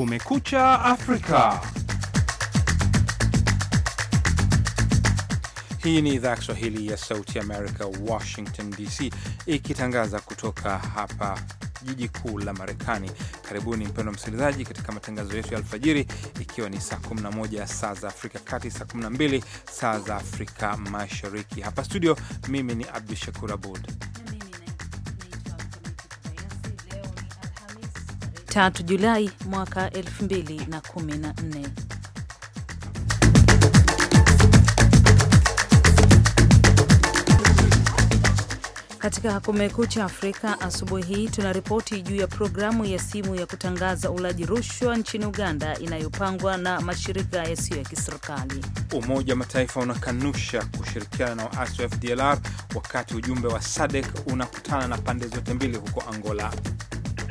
Kumekucha Afrika. Hii ni idhaa ya Kiswahili ya Sauti Amerika, Washington DC, ikitangaza kutoka hapa jiji kuu la Marekani. Karibuni mpendwa msikilizaji, katika matangazo yetu ya alfajiri, ikiwa ni saa 11 saa za Afrika Kati, saa 12 saa za Afrika Mashariki. Hapa studio, mimi ni Abdu Shakur Abud 3 Julai mwaka 2014. Katika Kumekucha Afrika asubuhi hii ripoti juu ya programu ya simu ya kutangaza ulaji rushwa nchini Uganda inayopangwa na mashirika yasiyo ya kiserikali. Umoja wa Mataifa unakanusha kushirikiana na waasi wa FDLR wakati ujumbe wa SADC unakutana na pande zote mbili huko Angola.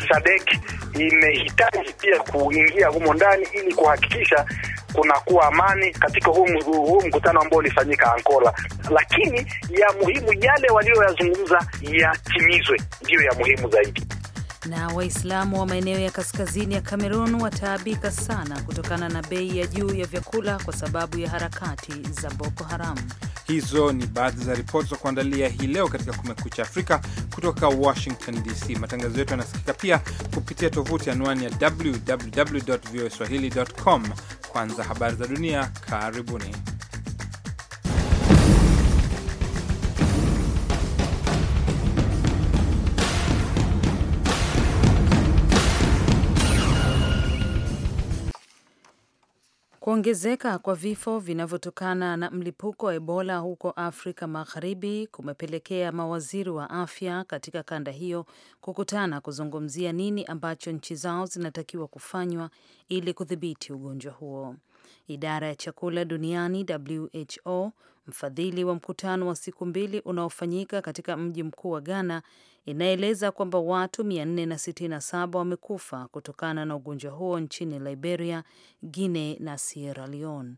SADC imehitaji pia kuingia humo ndani ili kuhakikisha kunakuwa amani katika huu, mkutano ambao ulifanyika Angola, lakini ya muhimu yale walioyazungumza yatimizwe, ndiyo ya muhimu zaidi. Na Waislamu wa maeneo ya kaskazini ya Kamerun wataabika sana kutokana na bei ya juu ya vyakula kwa sababu ya harakati za Boko Haram. Hizo ni baadhi za ripoti za kuandalia hii leo katika Kumekucha Afrika kutoka Washington DC. Matangazo yetu yanasikika pia kupitia tovuti anwani ya www voa com. Kwanza habari za dunia, karibuni. Kuongezeka kwa vifo vinavyotokana na mlipuko wa Ebola huko Afrika Magharibi kumepelekea mawaziri wa afya katika kanda hiyo kukutana kuzungumzia nini ambacho nchi zao zinatakiwa kufanywa ili kudhibiti ugonjwa huo. Idara ya chakula duniani WHO mfadhili wa mkutano wa siku mbili unaofanyika katika mji mkuu wa Ghana inaeleza kwamba watu 467 wamekufa kutokana na ugonjwa huo nchini Liberia, Guinea na Sierra Leone.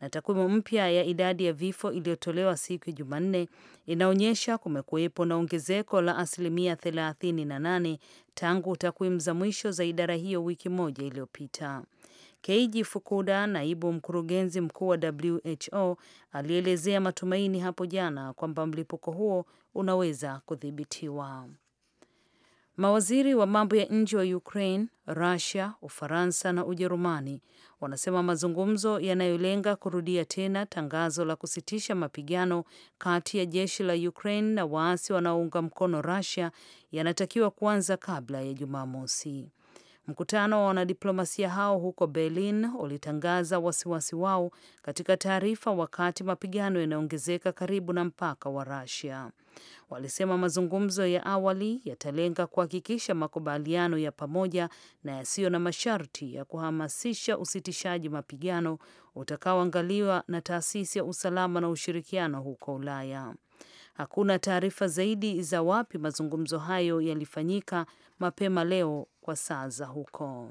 Na takwimu mpya ya idadi ya vifo iliyotolewa siku ya Jumanne inaonyesha kumekuwepo na ongezeko la asilimia 38 tangu takwimu za mwisho za idara hiyo wiki moja iliyopita. Keiji Fukuda, naibu mkurugenzi mkuu wa WHO, alielezea matumaini hapo jana kwamba mlipuko huo unaweza kudhibitiwa. Mawaziri wa mambo ya nje wa Ukraine, Russia, Ufaransa na Ujerumani wanasema mazungumzo yanayolenga kurudia tena tangazo la kusitisha mapigano kati ya jeshi la Ukraine na waasi wanaounga mkono Russia yanatakiwa kuanza kabla ya Jumamosi. Mkutano wa wanadiplomasia hao huko Berlin ulitangaza wasiwasi wao katika taarifa, wakati mapigano yanaongezeka karibu na mpaka wa Russia. Walisema mazungumzo ya awali yatalenga kuhakikisha makubaliano ya pamoja na yasiyo na masharti ya kuhamasisha usitishaji mapigano utakaoangaliwa na taasisi ya usalama na ushirikiano huko Ulaya. Hakuna taarifa zaidi za wapi mazungumzo hayo yalifanyika mapema leo kwa saa za huko.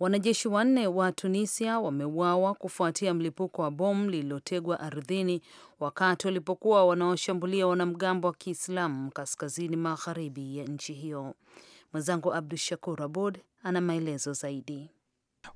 Wanajeshi wanne wa Tunisia wameuawa kufuatia mlipuko wa bomu lililotegwa ardhini wakati walipokuwa wanaoshambulia wanamgambo wa Kiislamu kaskazini magharibi ya nchi hiyo. Mwenzangu Abdu Shakur Abud ana maelezo zaidi.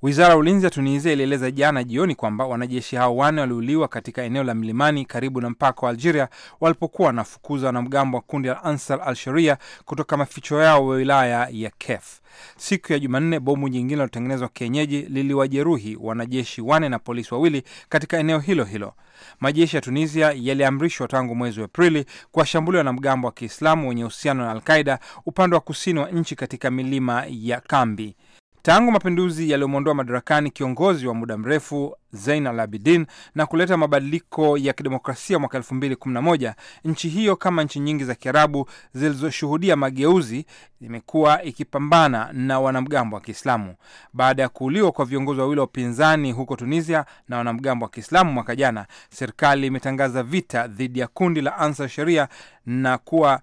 Wizara ya ulinzi ya Tunisia ilieleza jana jioni kwamba wanajeshi hao wane waliuliwa katika eneo la milimani karibu na mpaka wa Algeria walipokuwa wanafukuza wanamgambo wa kundi la Ansar al Sharia kutoka maficho yao wa wilaya ya Kef. Siku ya Jumanne, bomu nyingine lilotengenezwa kienyeji liliwajeruhi wanajeshi wane na polisi wawili katika eneo hilo hilo. Majeshi ya Tunisia yaliamrishwa tangu mwezi wa Aprili kuwashambulia wanamgambo wa Kiislamu wenye uhusiano na Alqaida upande wa kusini wa nchi katika milima ya Kambi tangu mapinduzi yaliyomwondoa madarakani kiongozi wa muda mrefu Zein Al Abidin na kuleta mabadiliko ya kidemokrasia mwaka moja, nchi hiyo kama nchi nyingi za Kiarabu zilizoshuhudia mageuzi imekuwa ikipambana na wanamgambo wa Kiislamu. Baada ya kuuliwa kwa viongozi wawili wa upinzani huko Tunisia na wanamgambo wa Kiislamu mwaka jana, serikali imetangaza vita dhidi ya kundi la Ansar Sharia na kuwa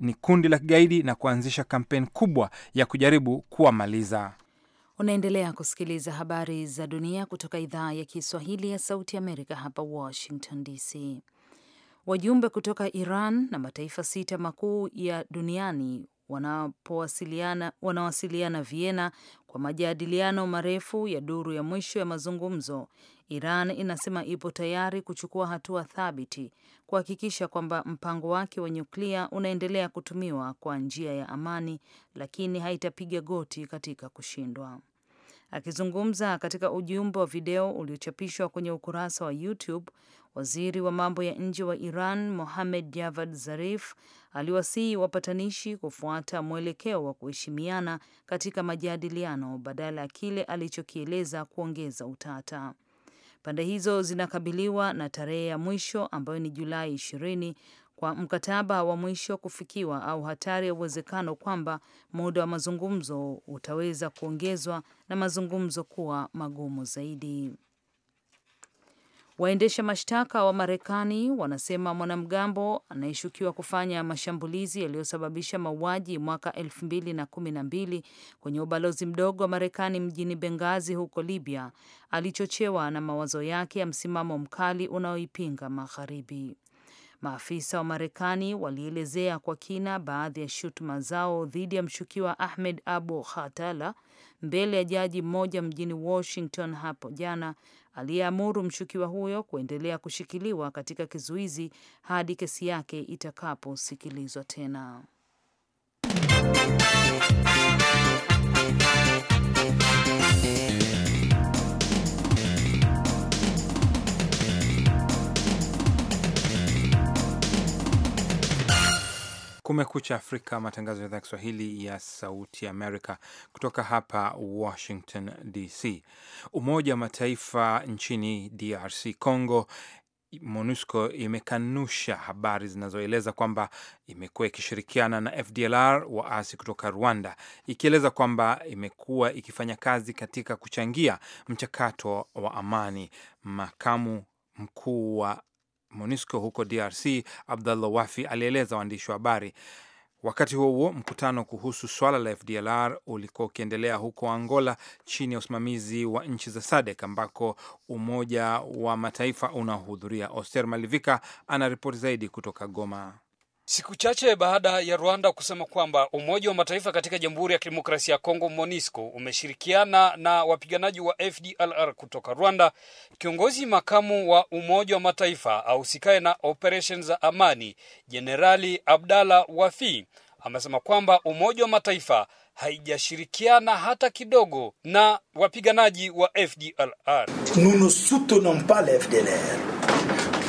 ni kundi la kigaidi na kuanzisha kampeni kubwa ya kujaribu kuwamaliza. Unaendelea kusikiliza habari za dunia kutoka idhaa ya Kiswahili ya Sauti Amerika hapa Washington DC. Wajumbe kutoka Iran na mataifa sita makuu ya duniani wanapowasiliana wanawasiliana Vienna kwa majadiliano marefu ya duru ya mwisho ya mazungumzo. Iran inasema ipo tayari kuchukua hatua thabiti kuhakikisha kwamba mpango wake wa nyuklia unaendelea kutumiwa kwa njia ya amani, lakini haitapiga goti katika kushindwa. Akizungumza katika ujumbe wa video uliochapishwa kwenye ukurasa wa YouTube, waziri wa mambo ya nje wa Iran Mohamed Javad Zarif aliwasihi wapatanishi kufuata mwelekeo wa kuheshimiana katika majadiliano badala ya kile alichokieleza kuongeza utata. Pande hizo zinakabiliwa na tarehe ya mwisho ambayo ni Julai ishirini kwa mkataba wa mwisho kufikiwa au hatari ya uwezekano kwamba muda wa mazungumzo utaweza kuongezwa na mazungumzo kuwa magumu zaidi. Waendesha mashtaka wa Marekani wanasema mwanamgambo anayeshukiwa kufanya mashambulizi yaliyosababisha mauaji mwaka elfu mbili na kumi na mbili kwenye ubalozi mdogo wa Marekani mjini Bengazi huko Libya alichochewa na mawazo yake ya msimamo mkali unaoipinga Magharibi. Maafisa wa Marekani walielezea kwa kina baadhi ya shutuma zao dhidi ya mshukiwa Ahmed Abu Khatala mbele ya jaji mmoja mjini Washington hapo jana aliyeamuru mshukiwa huyo kuendelea kushikiliwa katika kizuizi hadi kesi yake itakaposikilizwa tena. Kumekucha Afrika, matangazo ya idhaa Kiswahili ya Sauti Amerika kutoka hapa Washington DC. Umoja wa Mataifa nchini DRC Congo, MONUSCO imekanusha habari zinazoeleza kwamba imekuwa ikishirikiana na FDLR waasi kutoka Rwanda, ikieleza kwamba imekuwa ikifanya kazi katika kuchangia mchakato wa amani. Makamu mkuu wa MONUSCO huko DRC, Abdallah Wafi alieleza waandishi wa habari. Wakati huo huo, mkutano kuhusu swala la FDLR ulikuwa ukiendelea huko Angola chini ya usimamizi wa nchi za SADC ambako Umoja wa Mataifa unahudhuria. Oster Malivika ana ripoti zaidi kutoka Goma. Siku chache baada ya Rwanda kusema kwamba Umoja wa Mataifa katika Jamhuri ya Kidemokrasia ya Kongo monisco umeshirikiana na wapiganaji wa FDLR kutoka Rwanda, kiongozi makamu wa Umoja wa Mataifa ahusikaye na operesheni za amani, Jenerali Abdala Wafi amesema kwamba Umoja wa Mataifa haijashirikiana hata kidogo na wapiganaji wa FDLR. Nous ne soutenons pas les FDLR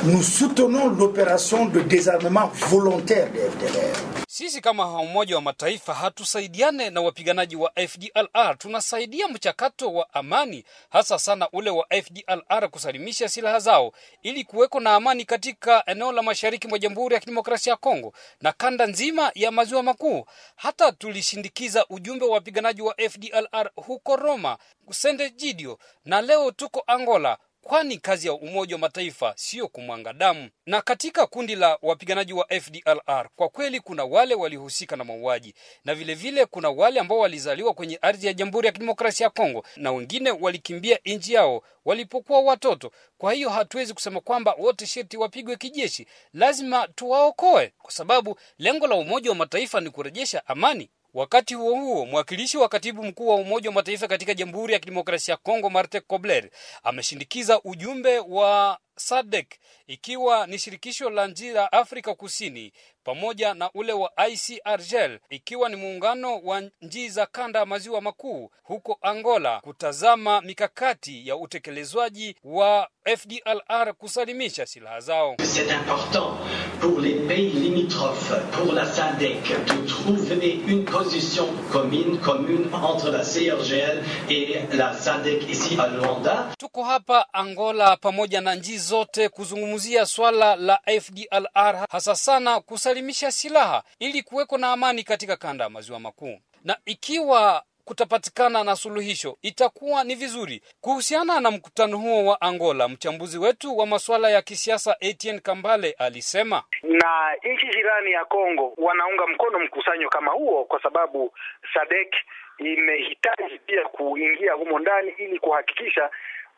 nous soutenons l'opération de désarmement volontaire des FDLR. Sisi kama Umoja wa Mataifa hatusaidiane na wapiganaji wa FDLR, tunasaidia mchakato wa amani, hasa sana ule wa FDLR kusalimisha silaha zao ili kuweko na amani katika eneo la mashariki mwa Jamhuri ya Kidemokrasia ya Kongo na kanda nzima ya Maziwa Makuu. Hata tulishindikiza ujumbe wa wapiganaji wa FDLR huko Roma, Sende Jidio, na leo tuko Angola kwani kazi ya Umoja wa Mataifa siyo kumwanga damu. Na katika kundi la wapiganaji wa FDLR kwa kweli kuna wale walihusika na mauaji na vilevile vile kuna wale ambao walizaliwa kwenye ardhi ya Jamhuri ya Kidemokrasia ya Kongo na wengine walikimbia nchi yao walipokuwa watoto. Kwa hiyo hatuwezi kusema kwamba wote sheti wapigwe kijeshi, lazima tuwaokoe, kwa sababu lengo la Umoja wa Mataifa ni kurejesha amani Wakati huo huo, mwakilishi wa katibu mkuu wa Umoja wa Mataifa katika Jamhuri ya Kidemokrasia ya Kongo Marte Kobler ameshindikiza ujumbe wa SADC ikiwa ni shirikisho la nchi la Afrika Kusini pamoja na ule wa IC Argel ikiwa ni muungano wa nchi za kanda ya maziwa makuu huko Angola kutazama mikakati ya utekelezwaji wa FDLR kusalimisha silaha zao. C'est important pour les pays limitrophes pour la SADC de trouver une position commune commune entre la CRGL et la SADC ici à Luanda. Tuko hapa Angola pamoja na nchi zote kuzungumzia swala la FDLR hasa sana kusalimisha silaha ili kuweko na amani katika kanda ya maziwa makuu, na ikiwa kutapatikana na suluhisho itakuwa ni vizuri. Kuhusiana na mkutano huo wa Angola, mchambuzi wetu wa masuala ya kisiasa Etienne Kambale alisema, na nchi jirani ya Kongo wanaunga mkono mkusanyo kama huo kwa sababu SADC imehitaji pia kuingia humo ndani ili kuhakikisha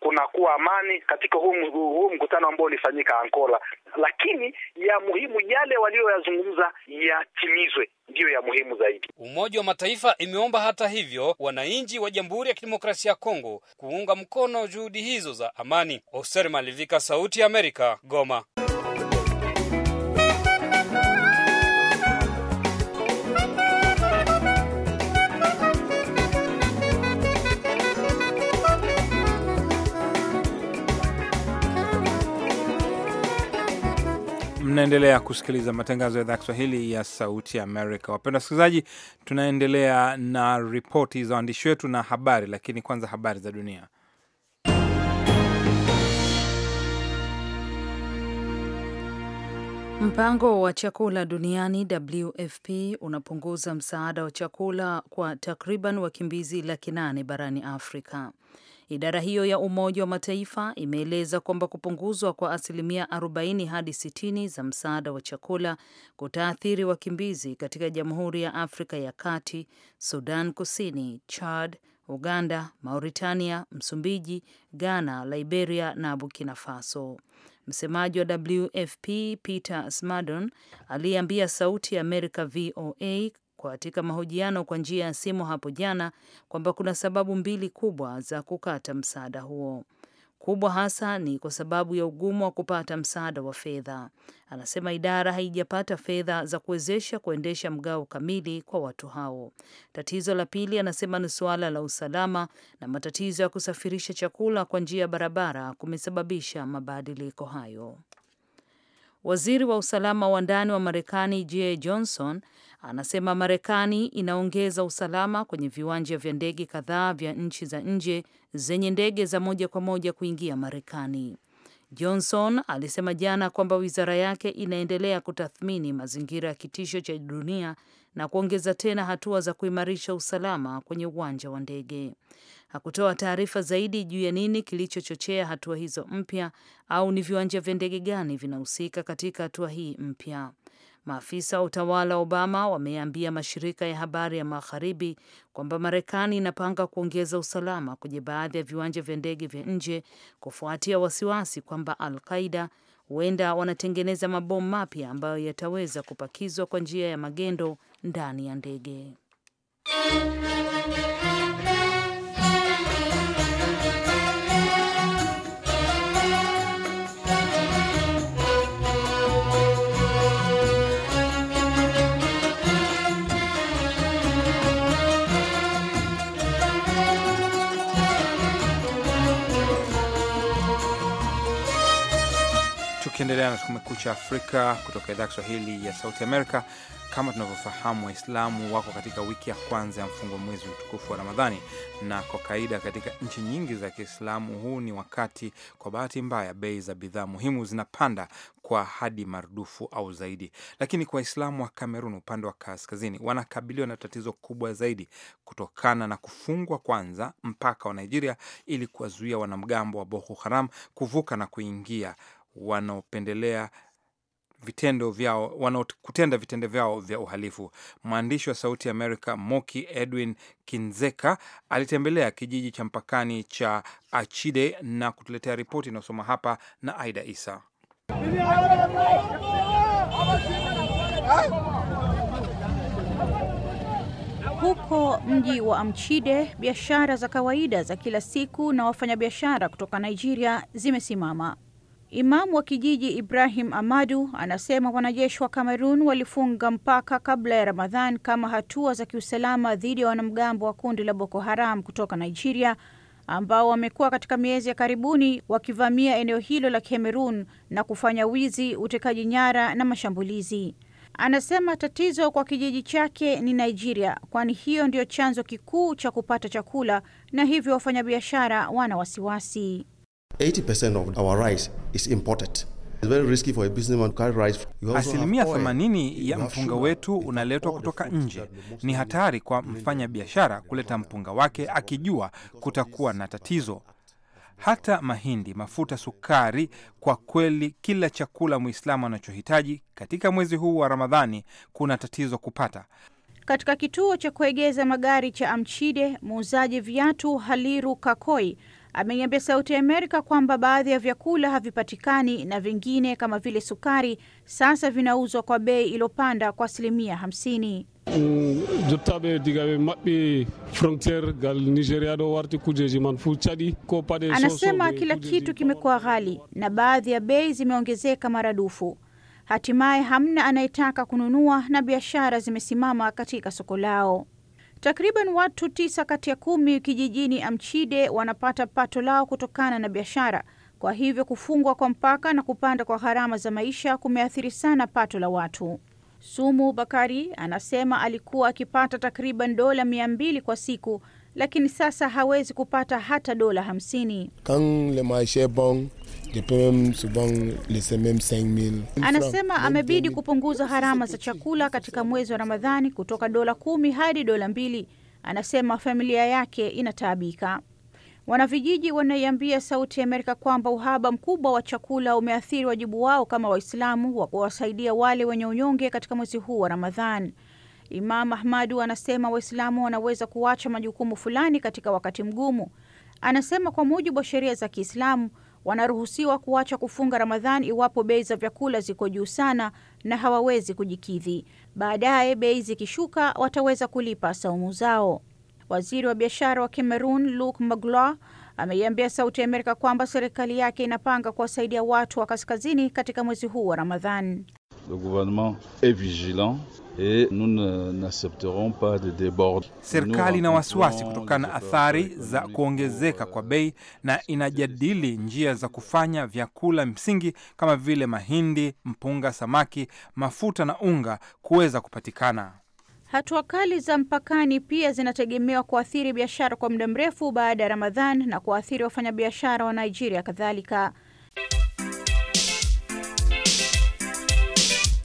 kunakuwa amani katika huu, huu mkutano ambao ulifanyika Angola, lakini ya muhimu yale walioyazungumza yatimizwe, ndiyo ya muhimu zaidi. Umoja wa Mataifa imeomba hata hivyo wananchi wa Jamhuri ya Kidemokrasia ya Kongo kuunga mkono juhudi hizo za amani. Oser Malivika, Sauti ya Amerika, Goma. Mnaendelea kusikiliza matangazo ya idhaa ya Kiswahili ya Sauti Amerika. wapenda wasikilizaji, tunaendelea na ripoti za waandishi wetu na habari, lakini kwanza habari za dunia. Mpango wa chakula duniani WFP unapunguza msaada wa chakula kwa takriban wakimbizi laki nane barani Afrika. Idara hiyo ya Umoja wa Mataifa imeeleza kwamba kupunguzwa kwa asilimia 40 hadi 60 za msaada wa chakula kutaathiri wakimbizi katika Jamhuri ya Afrika ya Kati, Sudan Kusini, Chad, Uganda, Mauritania, Msumbiji, Ghana, Liberia na Burkina Faso. Msemaji wa WFP Peter Smadon aliyeambia Sauti ya Amerika VOA katika mahojiano kwa njia ya simu hapo jana kwamba kuna sababu mbili kubwa za kukata msaada huo. Kubwa hasa ni kwa sababu ya ugumu wa kupata msaada wa fedha. Anasema idara haijapata fedha za kuwezesha kuendesha mgao kamili kwa watu hao. Tatizo la pili, anasema ni suala la usalama na matatizo ya kusafirisha chakula kwa njia ya barabara kumesababisha mabadiliko hayo. Waziri wa usalama wa ndani wa Marekani J Johnson Anasema Marekani inaongeza usalama kwenye viwanja vya ndege kadhaa vya nchi za nje zenye ndege za moja kwa moja kuingia Marekani. Johnson alisema jana kwamba wizara yake inaendelea kutathmini mazingira ya kitisho cha dunia na kuongeza tena hatua za kuimarisha usalama kwenye uwanja wa ndege. Hakutoa taarifa zaidi juu ya nini kilichochochea hatua hizo mpya au ni viwanja vya ndege gani vinahusika katika hatua hii mpya. Maafisa wa utawala wa Obama wameambia mashirika ya habari ya magharibi kwamba Marekani inapanga kuongeza usalama kwenye baadhi ya viwanja vya ndege vya nje kufuatia wasiwasi kwamba Al Qaida huenda wanatengeneza mabomu mapya ambayo yataweza kupakizwa kwa njia ya magendo ndani ya ndege. Mkiendelea na Kumekucha Afrika kutoka idhaa Kiswahili ya Sauti Amerika. Kama tunavyofahamu, Waislamu wako katika wiki ya kwanza ya mfungo mwezi mtukufu wa Ramadhani, na kwa kaida katika nchi nyingi za Kiislamu huu ni wakati, kwa bahati mbaya, bei za bidhaa muhimu zinapanda kwa hadi marudufu au zaidi. Lakini kwa Waislamu wa Kamerun, upande wa kaskazini, wanakabiliwa na tatizo kubwa zaidi kutokana na kufungwa kwanza mpaka wa Nigeria ili kuwazuia wanamgambo wa Boko Haram kuvuka na kuingia wanaopendelea vitendo vyao wanaokutenda vitendo vyao vya uhalifu. Mwandishi wa Sauti ya Amerika Moki Edwin Kinzeka alitembelea kijiji cha mpakani cha Achide na kutuletea ripoti inayosoma hapa na Aida Isa. Huko mji wa Amchide, biashara za kawaida za kila siku na wafanyabiashara kutoka Nigeria zimesimama. Imamu wa kijiji Ibrahim Amadu anasema wanajeshi wa Kamerun walifunga mpaka kabla ya Ramadhan kama hatua za kiusalama dhidi ya wanamgambo wa kundi la Boko Haram kutoka Nigeria ambao wamekuwa katika miezi ya karibuni wakivamia eneo hilo la Kamerun na kufanya wizi, utekaji nyara na mashambulizi. Anasema tatizo kwa kijiji chake ni Nigeria, kwani hiyo ndiyo chanzo kikuu cha kupata chakula na hivyo wafanyabiashara wana wasiwasi. Asilimia 80 ya mpunga wetu unaletwa kutoka nje. Ni hatari kwa mfanya biashara kuleta mpunga wake akijua kutakuwa na tatizo. Hata mahindi, mafuta, sukari, kwa kweli kila chakula Mwislamu anachohitaji katika mwezi huu wa Ramadhani kuna tatizo kupata. Katika kituo cha kuegeza magari cha Amchide, muuzaji viatu Haliru Kakoi ameiambia Sauti ya Amerika kwamba baadhi ya vyakula havipatikani na vingine kama vile sukari sasa vinauzwa kwa bei iliyopanda kwa asilimia 50. Mm, Anasema kila kitu kimekuwa ghali na baadhi ya bei zimeongezeka maradufu. Hatimaye hamna anayetaka kununua na biashara zimesimama katika soko lao. Takriban watu tisa kati ya kumi kijijini Amchide wanapata pato lao kutokana na biashara. Kwa hivyo kufungwa kwa mpaka na kupanda kwa gharama za maisha kumeathiri sana pato la watu. Sumu Bakari anasema alikuwa akipata takriban dola mia mbili kwa siku, lakini sasa hawezi kupata hata dola hamsini. Kan Anasema amebidi kupunguza gharama za chakula katika mwezi wa Ramadhani kutoka dola kumi hadi dola mbili. Anasema familia yake inataabika. Wanavijiji wanaiambia Sauti ya Amerika kwamba uhaba mkubwa wa chakula umeathiri wajibu wao kama Waislamu wa kuwasaidia wale wenye unyonge katika mwezi huu wa Ramadhan. Imam Ahmadu anasema Waislamu wanaweza kuacha majukumu fulani katika wakati mgumu. Anasema kwa mujibu wa sheria za Kiislamu, wanaruhusiwa kuacha kufunga Ramadhan iwapo bei za vyakula ziko juu sana na hawawezi kujikidhi. Baadaye bei zikishuka, wataweza kulipa saumu zao. Waziri wa biashara wa Cameroon Luc Magloire ameiambia Sauti ya Amerika kwamba serikali yake inapanga kuwasaidia watu wa kaskazini katika mwezi huu wa Ramadhan. Le gouvernement est vigilant Serikali ina wasiwasi kutokana na athari za kuongezeka kwa bei na inajadili njia za kufanya vyakula msingi kama vile mahindi, mpunga, samaki, mafuta na unga kuweza kupatikana. Hatua kali za mpakani pia zinategemewa kuathiri biashara kwa muda mrefu baada ya Ramadhan na kuathiri wafanyabiashara wa Nigeria kadhalika.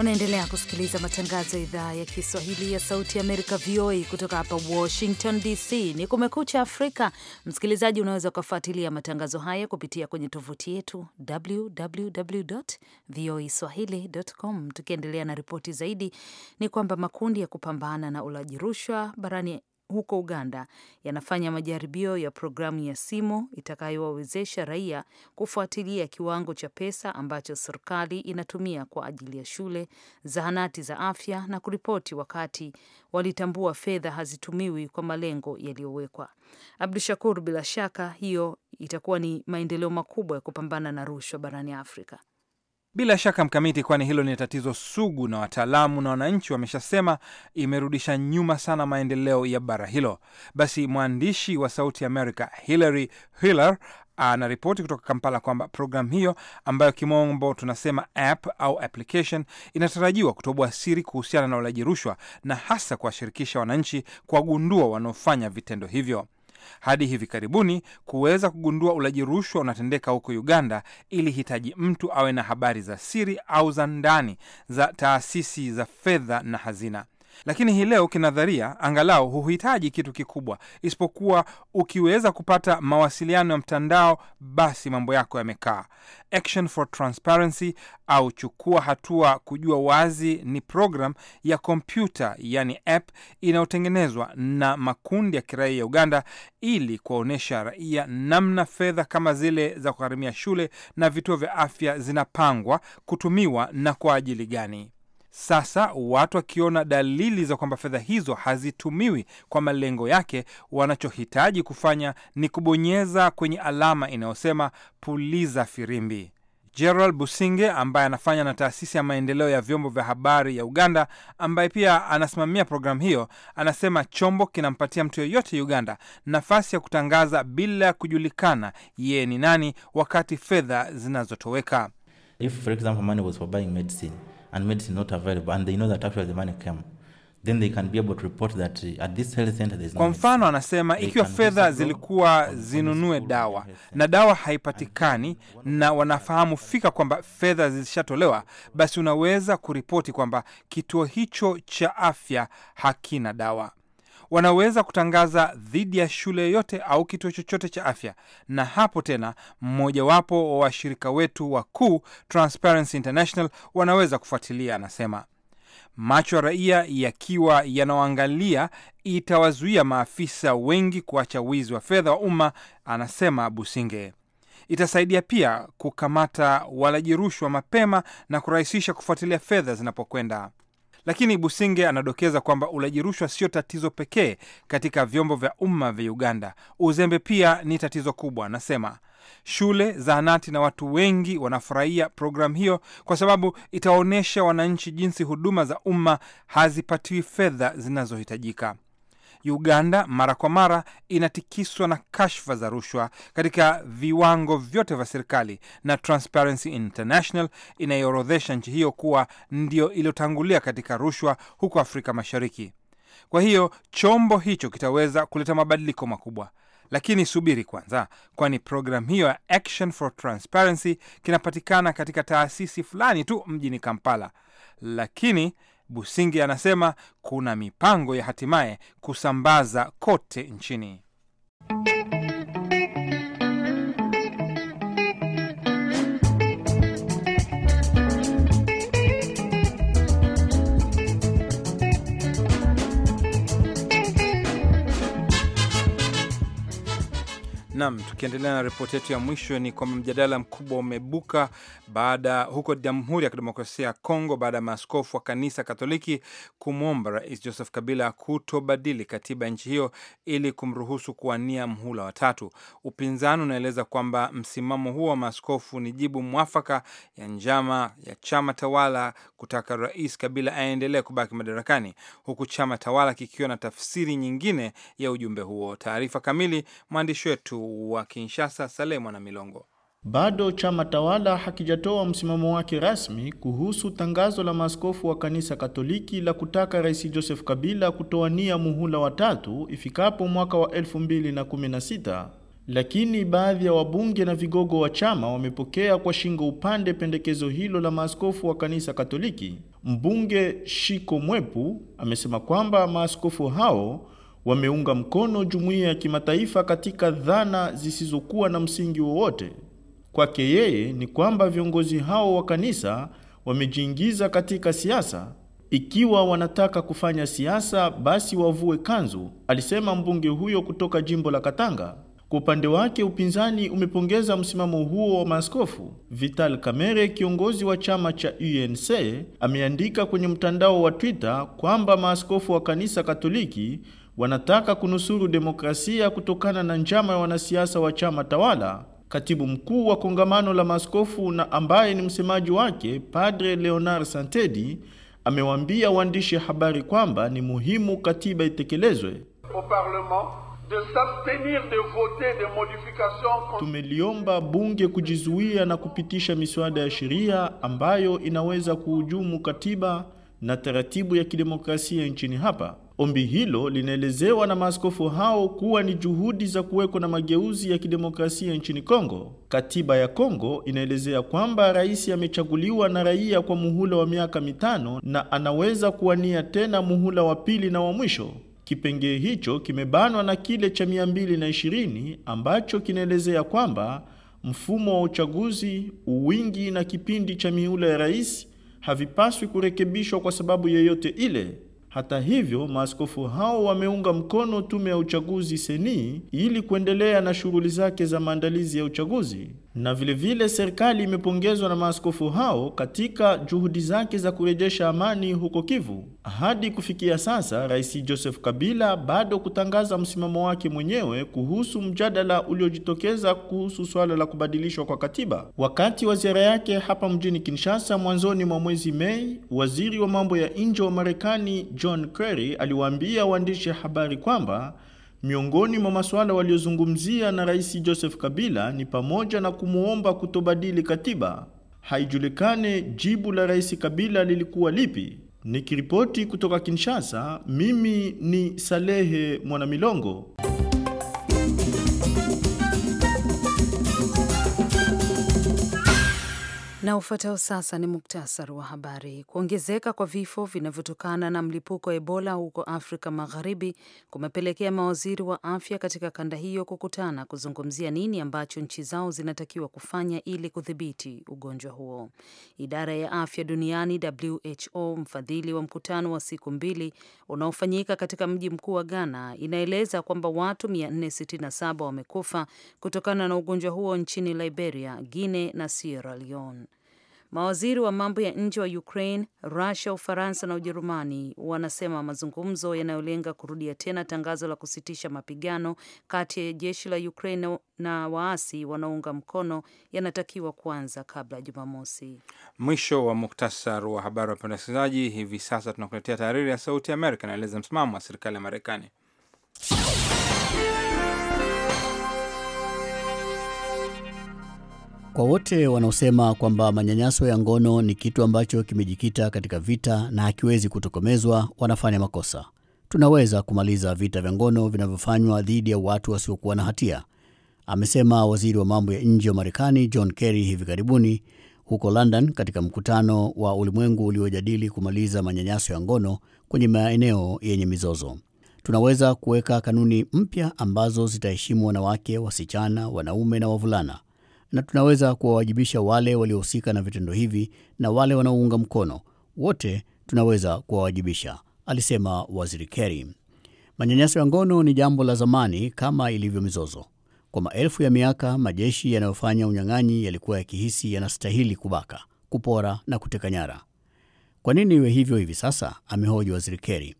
Unaendelea kusikiliza matangazo ya idhaa ya Kiswahili ya Sauti ya Amerika, VOA, kutoka hapa Washington DC. Ni Kumekucha Afrika. Msikilizaji, unaweza ukafuatilia matangazo haya kupitia kwenye tovuti yetu www voa swahili.com. Tukiendelea na ripoti zaidi, ni kwamba makundi ya kupambana na ulaji rushwa barani huko Uganda yanafanya majaribio ya programu ya simu itakayowawezesha raia kufuatilia kiwango cha pesa ambacho serikali inatumia kwa ajili ya shule, zahanati za afya na kuripoti wakati walitambua fedha hazitumiwi kwa malengo yaliyowekwa. Abdu Shakur, bila shaka hiyo itakuwa ni maendeleo makubwa ya kupambana na rushwa barani Afrika. Bila shaka Mkamiti, kwani hilo ni tatizo sugu, na wataalamu na wananchi wameshasema imerudisha nyuma sana maendeleo ya bara hilo. Basi mwandishi wa Sauti Amerika Hilary Hiller anaripoti kutoka Kampala kwamba programu hiyo ambayo kimombo tunasema app au application inatarajiwa kutoboa siri kuhusiana na ulaji rushwa na hasa kuwashirikisha wananchi kuwagundua wanaofanya vitendo hivyo. Hadi hivi karibuni kuweza kugundua ulaji rushwa unatendeka huko Uganda, ilihitaji mtu awe na habari za siri au za ndani za taasisi za fedha na hazina. Lakini hii leo kinadharia, angalau huhitaji kitu kikubwa, isipokuwa ukiweza kupata mawasiliano ya mtandao, basi mambo yako yamekaa. Action for Transparency au chukua hatua kujua wazi ni program ya kompyuta, yani app inayotengenezwa na makundi ya kiraia ya Uganda ili kuwaonyesha raia namna fedha kama zile za kugharimia shule na vituo vya afya zinapangwa kutumiwa na kwa ajili gani. Sasa watu wakiona dalili za kwamba fedha hizo hazitumiwi kwa malengo yake, wanachohitaji kufanya ni kubonyeza kwenye alama inayosema puliza firimbi. Gerald Businge ambaye anafanya na taasisi ya maendeleo ya vyombo vya habari ya Uganda, ambaye pia anasimamia programu hiyo, anasema chombo kinampatia mtu yeyote Uganda nafasi ya kutangaza bila ya kujulikana yeye ni nani, wakati fedha zinazotoweka If, for example, money was for buying medicine and medicine not available and they know that actually the money came Then they can be able to report that uh, at this health center there is no. Kwa mfano anasema ikiwa fedha zilikuwa zinunue dawa na dawa haipatikani, na wanafahamu fika kwamba fedha zilishatolewa, basi unaweza kuripoti kwamba kituo hicho cha afya hakina dawa wanaweza kutangaza dhidi ya shule yoyote au kituo chochote cha afya. Na hapo tena, mmojawapo wa washirika wetu wakuu Transparency International wanaweza kufuatilia, anasema. Macho ya raia yakiwa yanaoangalia, itawazuia maafisa wengi kuacha wizi wa fedha wa umma, anasema Businge. Itasaidia pia kukamata walaji rushwa mapema na kurahisisha kufuatilia fedha zinapokwenda. Lakini Businge anadokeza kwamba ulaji rushwa sio tatizo pekee katika vyombo vya umma vya Uganda. Uzembe pia ni tatizo kubwa, anasema. Shule, zahanati na watu wengi wanafurahia programu hiyo kwa sababu itawaonyesha wananchi jinsi huduma za umma hazipatiwi fedha zinazohitajika. Uganda mara kwa mara inatikiswa na kashfa za rushwa katika viwango vyote vya serikali, na Transparency International inayoorodhesha nchi hiyo kuwa ndio iliyotangulia katika rushwa huko Afrika Mashariki. Kwa hiyo chombo hicho kitaweza kuleta mabadiliko makubwa, lakini subiri kwanza, kwani programu hiyo ya Action for Transparency kinapatikana katika taasisi fulani tu mjini Kampala, lakini Busingi anasema kuna mipango ya hatimaye kusambaza kote nchini. Nam, tukiendelea na ripoti yetu ya mwisho ni kwamba mjadala mkubwa umebuka baada huko Jamhuri ya Kidemokrasia ya Kongo baada ya maaskofu wa kanisa Katoliki kumwomba Rais Joseph Kabila kutobadili katiba ya nchi hiyo ili kumruhusu kuwania mhula wa tatu. Upinzani unaeleza kwamba msimamo huo wa maaskofu ni jibu mwafaka ya njama ya chama tawala kutaka Rais Kabila aendelee kubaki madarakani, huku chama tawala kikiwa na tafsiri nyingine ya ujumbe huo. Taarifa kamili mwandishi wetu wa Kinshasa, Saleh Milongo. Bado chama tawala hakijatoa msimamo wake rasmi kuhusu tangazo la maaskofu wa kanisa Katoliki la kutaka Rais Joseph Kabila kutoania muhula watatu ifikapo mwaka wa 2016, lakini baadhi ya wabunge na vigogo wa chama wamepokea kwa shingo upande pendekezo hilo la maaskofu wa kanisa Katoliki. Mbunge Shiko Mwepu amesema kwamba maaskofu hao wameunga mkono jumuiya ya kimataifa katika dhana zisizokuwa na msingi wowote. Kwake yeye ni kwamba viongozi hao wa kanisa wamejiingiza katika siasa. Ikiwa wanataka kufanya siasa, basi wavue kanzu, alisema mbunge huyo kutoka jimbo la Katanga. Kwa upande wake upinzani umepongeza msimamo huo wa maaskofu. Vital Kamerhe, kiongozi wa chama cha UNC, ameandika kwenye mtandao wa Twitter kwamba maaskofu wa kanisa Katoliki wanataka kunusuru demokrasia kutokana na njama ya wanasiasa wa chama tawala. Katibu mkuu wa kongamano la maaskofu na ambaye ni msemaji wake Padre Leonard Santedi amewaambia waandishi habari kwamba ni muhimu katiba itekelezwe. Tumeliomba bunge kujizuia na kupitisha miswada ya sheria ambayo inaweza kuhujumu katiba na taratibu ya kidemokrasia nchini hapa. Ombi hilo linaelezewa na maaskofu hao kuwa ni juhudi za kuweko na mageuzi ya kidemokrasia nchini Kongo. Katiba ya Kongo inaelezea kwamba rais amechaguliwa na raia kwa muhula wa miaka mitano na anaweza kuwania tena muhula wa pili na wa mwisho. Kipengee hicho kimebanwa na kile cha 220 ambacho kinaelezea kwamba mfumo wa uchaguzi, uwingi na kipindi cha miula ya rais havipaswi kurekebishwa kwa sababu yeyote ile. Hata hivyo, maaskofu hao wameunga mkono tume ya uchaguzi seni ili kuendelea na shughuli zake za maandalizi ya uchaguzi. Na vile vile serikali imepongezwa na maaskofu hao katika juhudi zake za kurejesha amani huko Kivu. Hadi kufikia sasa, Rais Joseph Kabila bado kutangaza msimamo wake mwenyewe kuhusu mjadala uliojitokeza kuhusu swala la kubadilishwa kwa katiba. Wakati wa ziara yake hapa mjini Kinshasa mwanzoni mwa mwezi Mei, waziri wa mambo ya nje wa Marekani John Kerry aliwaambia waandishi habari kwamba Miongoni mwa masuala waliozungumzia na Rais Joseph Kabila ni pamoja na kumwomba kutobadili katiba. Haijulikane jibu la Rais Kabila lilikuwa lipi. Nikiripoti kutoka Kinshasa, mimi ni Salehe Mwanamilongo. Na ufuatao sasa ni muktasari wa habari. Kuongezeka kwa vifo vinavyotokana na mlipuko wa Ebola huko Afrika Magharibi kumepelekea mawaziri wa afya katika kanda hiyo kukutana kuzungumzia nini ambacho nchi zao zinatakiwa kufanya ili kudhibiti ugonjwa huo. Idara ya afya duniani WHO, mfadhili wa mkutano wa siku mbili unaofanyika katika mji mkuu wa Ghana, inaeleza kwamba watu 467 wamekufa kutokana na ugonjwa huo nchini Liberia, Guinea na Sierra Leone. Mawaziri wa mambo ya nje wa Ukraine, Rusia, Ufaransa na Ujerumani wanasema mazungumzo yanayolenga kurudia tena tangazo la kusitisha mapigano kati ya jeshi la Ukraine na waasi wanaounga mkono yanatakiwa kuanza kabla ya Jumamosi. Mwisho wa muktasar wa habari. Wapenda wasikilizaji, hivi sasa tunakuletea tahariri ya Sauti ya Amerika inaeleza msimamo wa serikali ya Marekani. Kwa wote wanaosema kwamba manyanyaso ya ngono ni kitu ambacho kimejikita katika vita na hakiwezi kutokomezwa, wanafanya makosa. Tunaweza kumaliza vita vya ngono vinavyofanywa dhidi ya watu wasiokuwa na hatia, amesema waziri wa mambo ya nje wa Marekani John Kerry hivi karibuni huko London katika mkutano wa ulimwengu uliojadili kumaliza manyanyaso ya ngono kwenye maeneo yenye mizozo. Tunaweza kuweka kanuni mpya ambazo zitaheshimu wanawake, wasichana, wanaume na wavulana na tunaweza kuwawajibisha wale waliohusika na vitendo hivi na wale wanaounga mkono. Wote tunaweza kuwawajibisha, alisema Waziri keri Manyanyaso ya ngono ni jambo la zamani kama ilivyo mizozo. Kwa maelfu ya miaka, majeshi yanayofanya unyang'anyi yalikuwa yakihisi yanastahili kubaka, kupora na kuteka nyara. Kwa nini iwe hivyo hivi sasa? amehoji Waziri Kerry.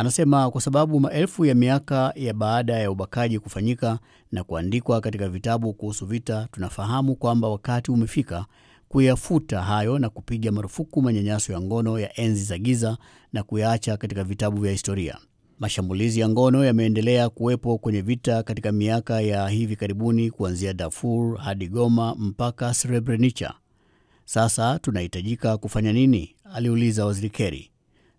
Anasema kwa sababu maelfu ya miaka ya baada ya ubakaji kufanyika na kuandikwa katika vitabu kuhusu vita, tunafahamu kwamba wakati umefika kuyafuta hayo na kupiga marufuku manyanyaso ya ngono ya enzi za giza na kuyaacha katika vitabu vya historia. Mashambulizi ya ngono yameendelea kuwepo kwenye vita katika miaka ya hivi karibuni kuanzia Darfur hadi Goma mpaka Srebrenica. Sasa tunahitajika kufanya nini? aliuliza Waziri Kerry.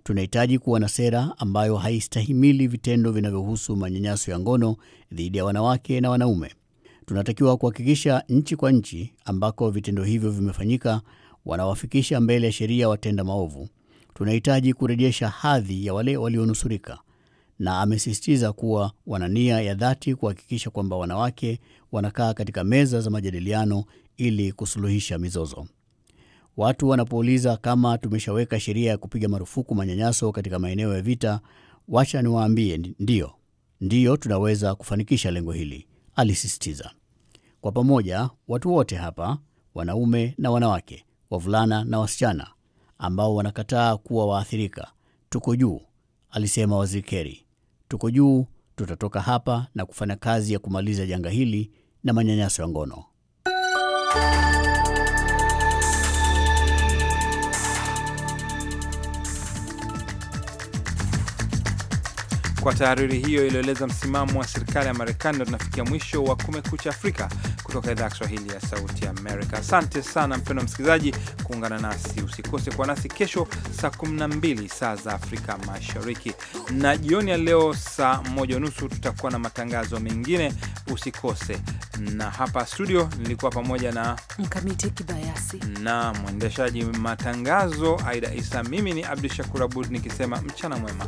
Tunahitaji kuwa na sera ambayo haistahimili vitendo vinavyohusu manyanyaso ya ngono dhidi ya wanawake na wanaume. Tunatakiwa kuhakikisha nchi kwa nchi ambako vitendo hivyo vimefanyika wanawafikisha mbele ya sheria watenda maovu. Tunahitaji kurejesha hadhi ya wale walionusurika, na amesisitiza kuwa wana nia ya dhati kuhakikisha kwamba wanawake wanakaa katika meza za majadiliano ili kusuluhisha mizozo. Watu wanapouliza kama tumeshaweka sheria ya kupiga marufuku manyanyaso katika maeneo ya vita, wacha niwaambie, ndiyo, ndiyo, tunaweza kufanikisha lengo hili, alisisitiza. Kwa pamoja, watu wote hapa, wanaume na wanawake, wavulana na wasichana, ambao wanakataa kuwa waathirika, tuko juu, alisema Waziri Keri. Tuko juu, tutatoka hapa na kufanya kazi ya kumaliza janga hili na manyanyaso ya ngono. Kwa tahariri hiyo iliyoeleza msimamo wa serikali ya Marekani, na tunafikia mwisho wa Kumekucha Afrika kutoka idhaa ya Kiswahili ya Sauti Amerika. Asante sana mpendwa msikilizaji kuungana nasi, usikose kuwa nasi kesho saa 12 saa za Afrika Mashariki, na jioni ya leo saa moja nusu tutakuwa na matangazo mengine, usikose. Na hapa studio nilikuwa pamoja na Mkamiti Kibayasi na mwendeshaji matangazo Aida Isa. Mimi ni Abdu Shakur Abud nikisema mchana mwema.